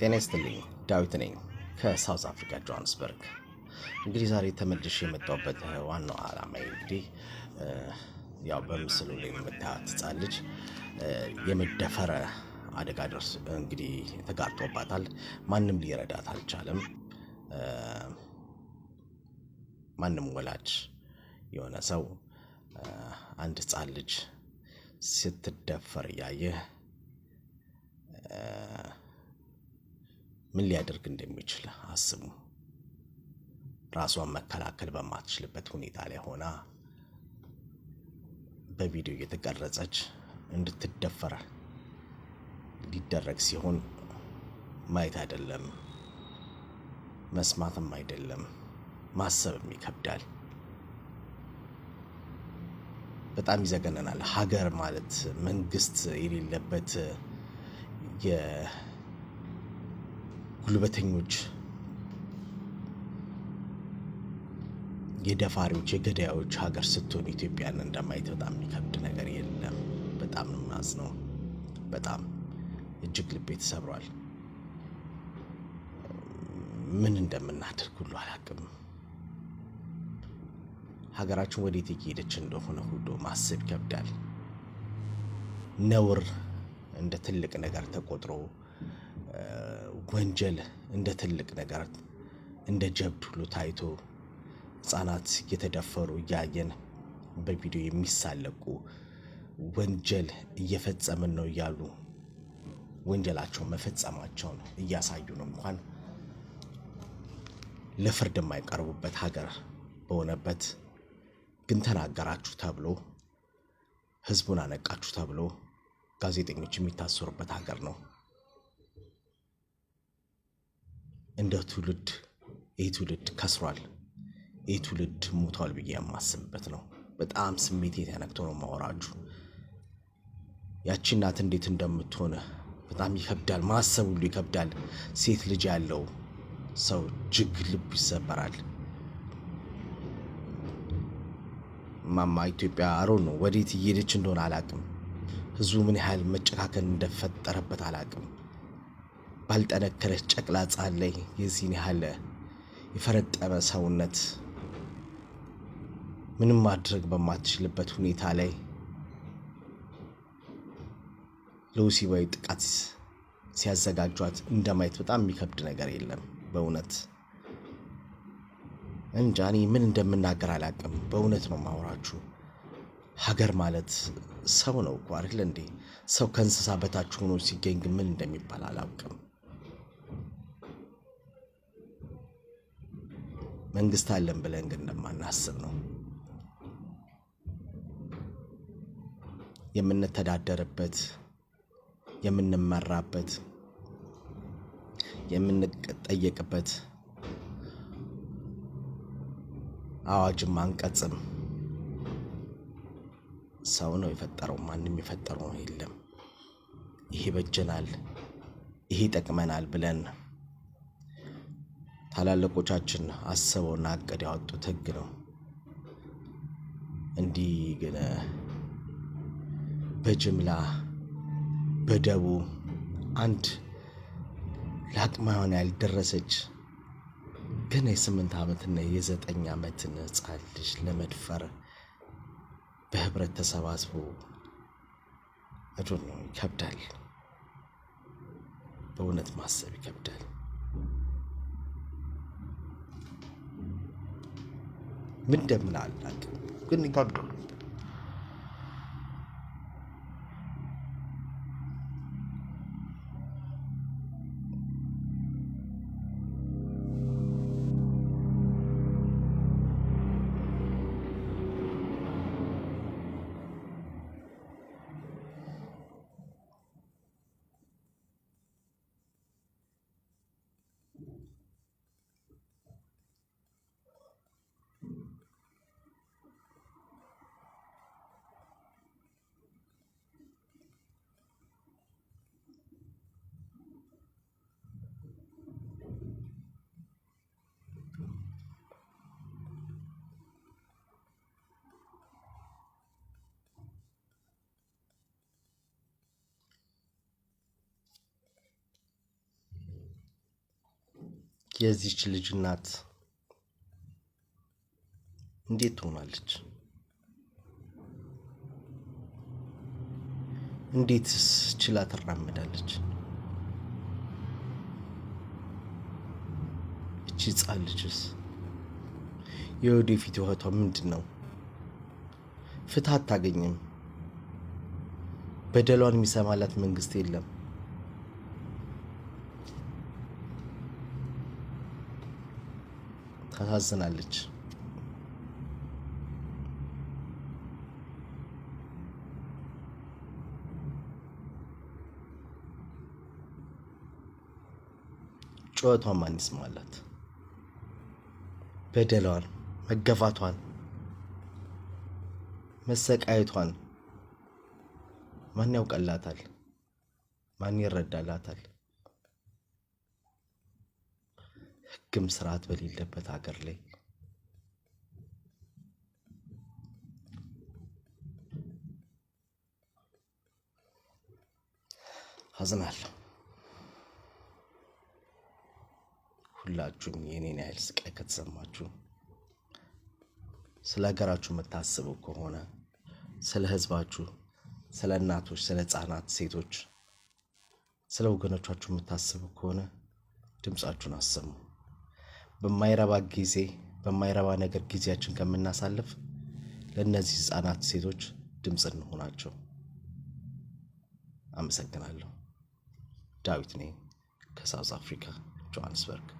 ጤና ይስጥልኝ። ዳዊት ነኝ ከሳውዝ አፍሪካ ጆሃንስበርግ። እንግዲህ ዛሬ ተመልሼ የመጣሁበት ዋናው ዓላማ እንግዲህ ያው በምስሉ ላይ የምታያት ህፃን ልጅ የመደፈረ አደጋ ደርስ እንግዲህ ተጋርጦባታል። ማንም ሊረዳት አልቻለም። ማንም ወላጅ የሆነ ሰው አንድ ህፃን ልጅ ስትደፈር እያየ ምን ሊያደርግ እንደሚችል አስቡ። ራሷን መከላከል በማትችልበት ሁኔታ ላይ ሆና በቪዲዮ እየተቀረጸች እንድትደፈር ሊደረግ ሲሆን ማየት አይደለም መስማትም አይደለም ማሰብም ይከብዳል። በጣም ይዘገነናል። ሀገር ማለት መንግስት የሌለበት ጉልበተኞች፣ የደፋሪዎች፣ የገዳዮች ሀገር ስትሆን ኢትዮጵያን እንደማየት በጣም የሚከብድ ነገር የለም። በጣም ማዝ ነው። በጣም እጅግ ልቤ ተሰብሯል። ምን እንደምናደርግ ሁሉ አላቅም። ሀገራችን ወዴት እየሄደች እንደሆነ ሁሉ ማሰብ ይከብዳል። ነውር እንደ ትልቅ ነገር ተቆጥሮ ወንጀል እንደ ትልቅ ነገር እንደ ጀብድ ሁሉ ታይቶ ህጻናት እየተደፈሩ እያየን በቪዲዮ የሚሳለቁ ወንጀል እየፈጸምን ነው እያሉ ወንጀላቸውን መፈጸማቸውን እያሳዩን እንኳን ለፍርድ የማይቀርቡበት ሀገር በሆነበት ግን ተናገራችሁ ተብሎ ህዝቡን አነቃችሁ ተብሎ ጋዜጠኞች የሚታሰሩበት ሀገር ነው። እንደ ትውልድ ይህ ትውልድ ከስሯል፣ ይህ ትውልድ ሞቷል ብዬ የማስብበት ነው። በጣም ስሜት የተነክቶ ነው ማወራጁ። ያቺ እናት እንዴት እንደምትሆነ በጣም ይከብዳል፣ ማሰብ ሁሉ ይከብዳል። ሴት ልጅ ያለው ሰው እጅግ ልቡ ይሰበራል። ማማ ኢትዮጵያ አሮ ነው ወዴት እየሄደች እንደሆነ አላቅም። ህዝቡ ምን ያህል መጨካከል እንደፈጠረበት አላቅም። ባልጠነከረች ጨቅላ ጻን ላይ የዚህን ያህል የፈረጠመ ሰውነት ምንም ማድረግ በማትችልበት ሁኔታ ላይ ለወሲባዊ ጥቃት ሲያዘጋጇት እንደማየት በጣም የሚከብድ ነገር የለም። በእውነት እንጃ እኔ ምን እንደምናገር አላውቅም። በእውነት ነው ማውራችሁ። ሀገር ማለት ሰው ነው እኮ አይደል እንዴ? ሰው ከእንስሳ በታች ሆኖ ሲገኝ ግን ምን እንደሚባል አላውቅም። መንግስት አለን ብለን ግን እንደማናስብ ነው። የምንተዳደርበት፣ የምንመራበት፣ የምንጠየቅበት አዋጅም አንቀጽም ሰው ነው የፈጠረው። ማንም የፈጠረው የለም። ይሄ ይበጀናል፣ ይሄ ይጠቅመናል ብለን ታላላቆቻችን አስበውና አቅድ ያወጡት ህግ ነው። እንዲህ ግን በጅምላ በደቡ አንድ ለአቅመ ሔዋን ያልደረሰች ግን የስምንት ዓመትና የዘጠኝ ዓመትን ህፃን ልጅ ለመድፈር በህብረት ተሰባስቦ እዱን ይከብዳል። በእውነት ማሰብ ይከብዳል። ምን እንደምን አላውቅም፣ ግን ይከብዳል። የዚች ልጅ እናት እንዴት ትሆናለች? እንዴትስ ችላ ትራመዳለች? እቺ ሕፃን ልጅስ የወደፊት ሕይወቷ ምንድን ነው? ፍትህ አታገኝም። በደሏን የሚሰማላት መንግስት የለም። ታሳዝናለች። ጩኸቷን ማን ይስማላት? በደሏን፣ መገፋቷን፣ መሰቃየቷን ማን ያውቀላታል? ማን ይረዳላታል? ህግም ስርዓት በሌለበት ሀገር ላይ አዝናለሁ። ሁላችሁም የኔን ያህል ስቃይ ከተሰማችሁ ስለ ሀገራችሁ የምታስቡ ከሆነ ስለ ህዝባችሁ፣ ስለ እናቶች፣ ስለ ህፃናት፣ ሴቶች፣ ስለ ወገኖቻችሁ የምታስቡ ከሆነ ድምፃችሁን አሰሙ። በማይረባ ጊዜ በማይረባ ነገር ጊዜያችን ከምናሳልፍ ለእነዚህ ህፃናት ሴቶች ድምፅ እንሆናቸው። አመሰግናለሁ። ዳዊት ነኝ ከሳውዝ አፍሪካ ጆሃንስበርግ።